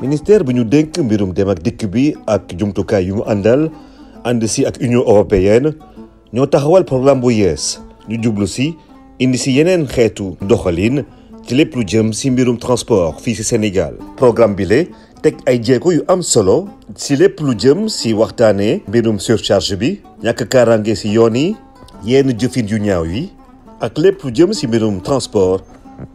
ministère bi ñu dénk mbirum dem ak dikk bi ak jumtukaay yu mu àndal ànd si ak union européenne ñoo taxawal programme bu yees ñu jublu si indi si yeneen xeetu doxalin ci lépp lu jëm si mbirum transport fii si Sénégal programme bi le teg ay jéego yu am solo si lépp lu jëm si waxtaanee mbirum surcharge bi ñàkk kaaraange si yoon yi yenn jëfin yu ñaaw yi ak lépp lu jëm si mbirum transport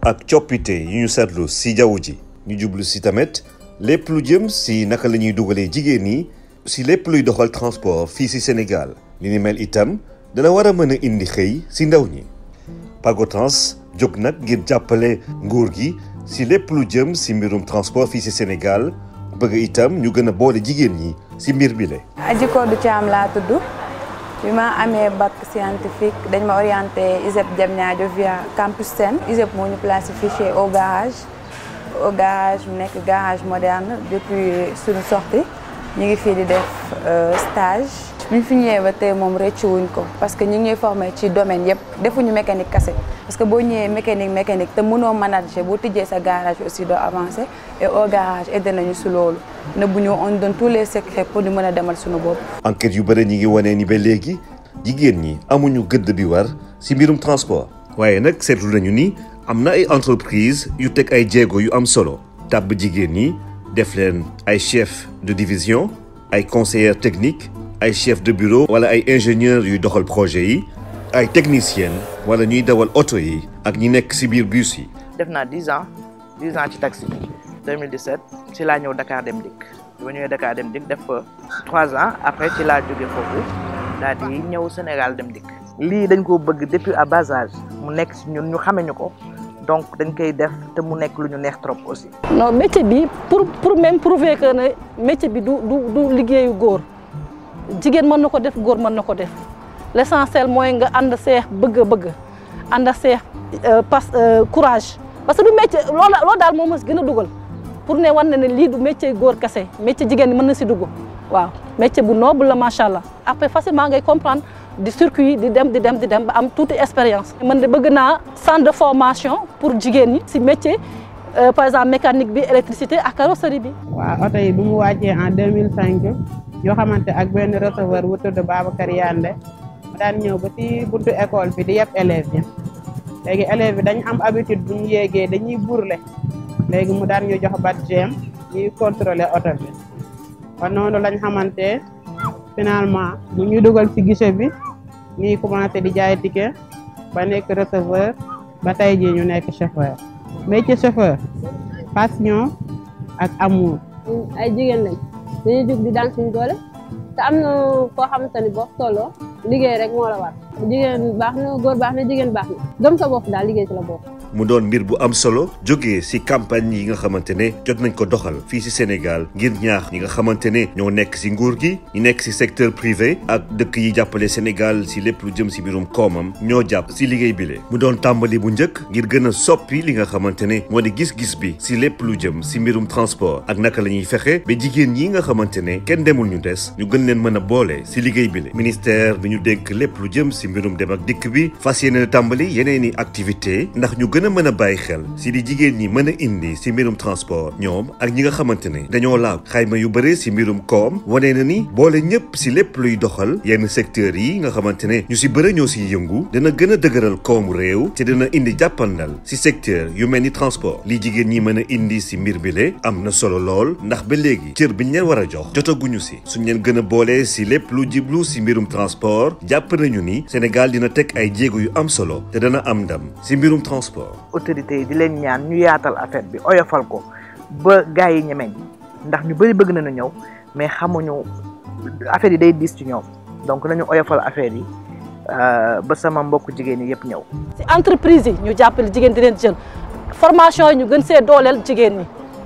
ak coppite yu ñu seetlu si jaww ji ñu jublu si tamit lépp lu jëm si naka lañuy dugalee jigéen ñi si lépp luy doxal transport fii si Sénégal li ni mel itam dana war a mën a indi xëy si ndaw ñi Pagotrans jóg nag ngir jàppale nguur gi si lépp lu jëm si mbirum transport fii ci Sénégal bëgg itam ñu gën a boole jigéen ñi si mbir bi la aji Kodou Thiam laa tudd bi ma amee bac scientifique dañ ma orienté ISEP Diamniadio via campus Sène ISEP moo ñu placer fichier au garage au garage mu nekk garage moderne depuis suñu sortie ñu ngi fii di def euh, stage bi fi ñëwee ba tey moom rëccu wuñ ko parce que ñu ngi forme ci domaine yëpp defuñu mécanique kese parce que boo ñëwee mécanique mécanique te mënoo manager boo tijjee sa garage aussi doo avancer et au garage aidé nañu si loolu ne bu ñu on donne tous les secrets pour ñu mën a demal suñu bopp. enquête yu bëri ñi ngi wane ni ba léegi jigéen ñi amuñu gëdd bi war si mbirum transport. am na ay entreprise yu teg ay jéego yu am solo tàbb jigéen ñi def leen ay chef de division ay conseillère technique ay chef de bureau wala ay ingénieur yu doxal projet yi ay technicienne wala ñuy dawal oto yi ak ñi nekk ci biir bus yi def naa dix ans dix ans ci taxi 2017 ci laa ñëw Dakar Dem Dikk bi ma ñëwee Dakar Dem Dikk def fa trois ans après ci laa jóge foofu daal di ñëw Sénégal Dem Dikk lii dañ ko bëgg depuis à bas âge mu nekk ci ñun ñu xame ñu ko donc dañ koy def te mu nekk lu ñu neex trop aussi. non métier bi pour pour même prouver que ne métier bi du du du liggéeyu góor jigéen mën na ko def góor mën na ko def l' essentiel mooy nga ànd seex bëgg-bëgg ànd seex euh, pas euh, courage parce que du métier loolu loolu daal moom mos gën a dugal pour ne wan na ne lii du métier góor kese métier jigéen mën na si dugg waaw métier bu noble la macha allah après facilement ngay comprendre. di circuit di dem di dem di dem ba am tuuti expérience. man de bëgg na centre de formation pour jigéen ñi ci métier euh, par exemple mécanique bi électricité ak carrosserie bi. waaw oto yi bu mu wàccee en 2005 ñoo xamante ak benn receveur bu tudd Babacar Yande mu daan ñëw ba ci buntu école bi di yeb élèves yi léegi élèves dañ am habitude bu ñu yéegee dañuy burle léegi mu daan ñu jox badge ñuy contrôler oto bi kon noonu lañ xamante finalement mu ñu dugal ci guichet bi. ñuy commencé di jaay ticket ba nekk receveur ba tey jii ñu nekk chauffeur métier chauffeur passion ak amour. ay jigéen lañ dañuy jug di daan suñu doole te am na koo xamante ni boo tolloo liggéey rek moo la war jigéen baax na góor baax na jigéen baax na gëm sa bopp daal liggéey ci la bopp. mu doon mbir bu am solo jógee si campagne yi nga xamante ne jot nañ ko doxal fii si Sénégal ngir ñaax ñi nga xamante ne ñoo nekk si nguur gi ñi nekk si secteur privé ak dëkk yi jàppale Sénégal si lépp lu jëm si mbirum koomam ñoo jàpp si liggéey bile mu doon tàmbali bu njëkk ngir gën a soppi li nga xamante ne moo di gis-gis bi si lépp lu jëm si mbirum transport ak naka la ñuy fexe ba jigéen ñi nga xamante ne kenn demul ñu des ñu gën leen mën a boole si liggéey bile ministère bi ñu dénk lépp lu jëm si mbirum dem dikk bi fas yéene tàmbali yeneen i activité gën a mën a bàyyi xel si di jigéen ñi mën a indi si mbirum transport ñoom ak ñi nga xamante ne dañoo laaw xayma yu bëre si mbirum koom wane na ni boole ñëpp si lépp luy doxal yenn secteurs yi nga xamante ne ñu si bëre ñoo si yëngu dana gën a dëgëral koomu réew te dana indi jàppandal si secteur yu mel ni transport li jigéen ñi mën a indi si mbir bile am na solo lool ndax ba léegi cër biñ leen war a jox jotaguñu si suñ leen gën a boole si lépp lu jiblu si mbirum transport jàpp nañu ni Sénégal dina teg ay jéego yu am solo autorités yi di leen ñaan ñu yaatal affaire bi oyofal ko ba gars yi ñemeñ ndax ñu bëri bëgg na ñëw mais xamuñu affaire yi day diis ci ñoom donc nañu oyofal affaire yi euh, ba sama mbokk jigéen yi yëpp ñëw. si entreprise yi ñu jàppale jigéen di leen jeunes formation yi ñu gën see dooleel jigéen ñi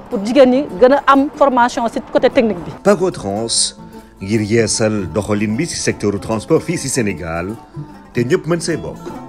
pour jigéen ñi gën a am formation si côté technique bi. Pagotrans ngir yeesal doxalin bi si secteur transport fii si Sénégal te ñëpp mën see bokk.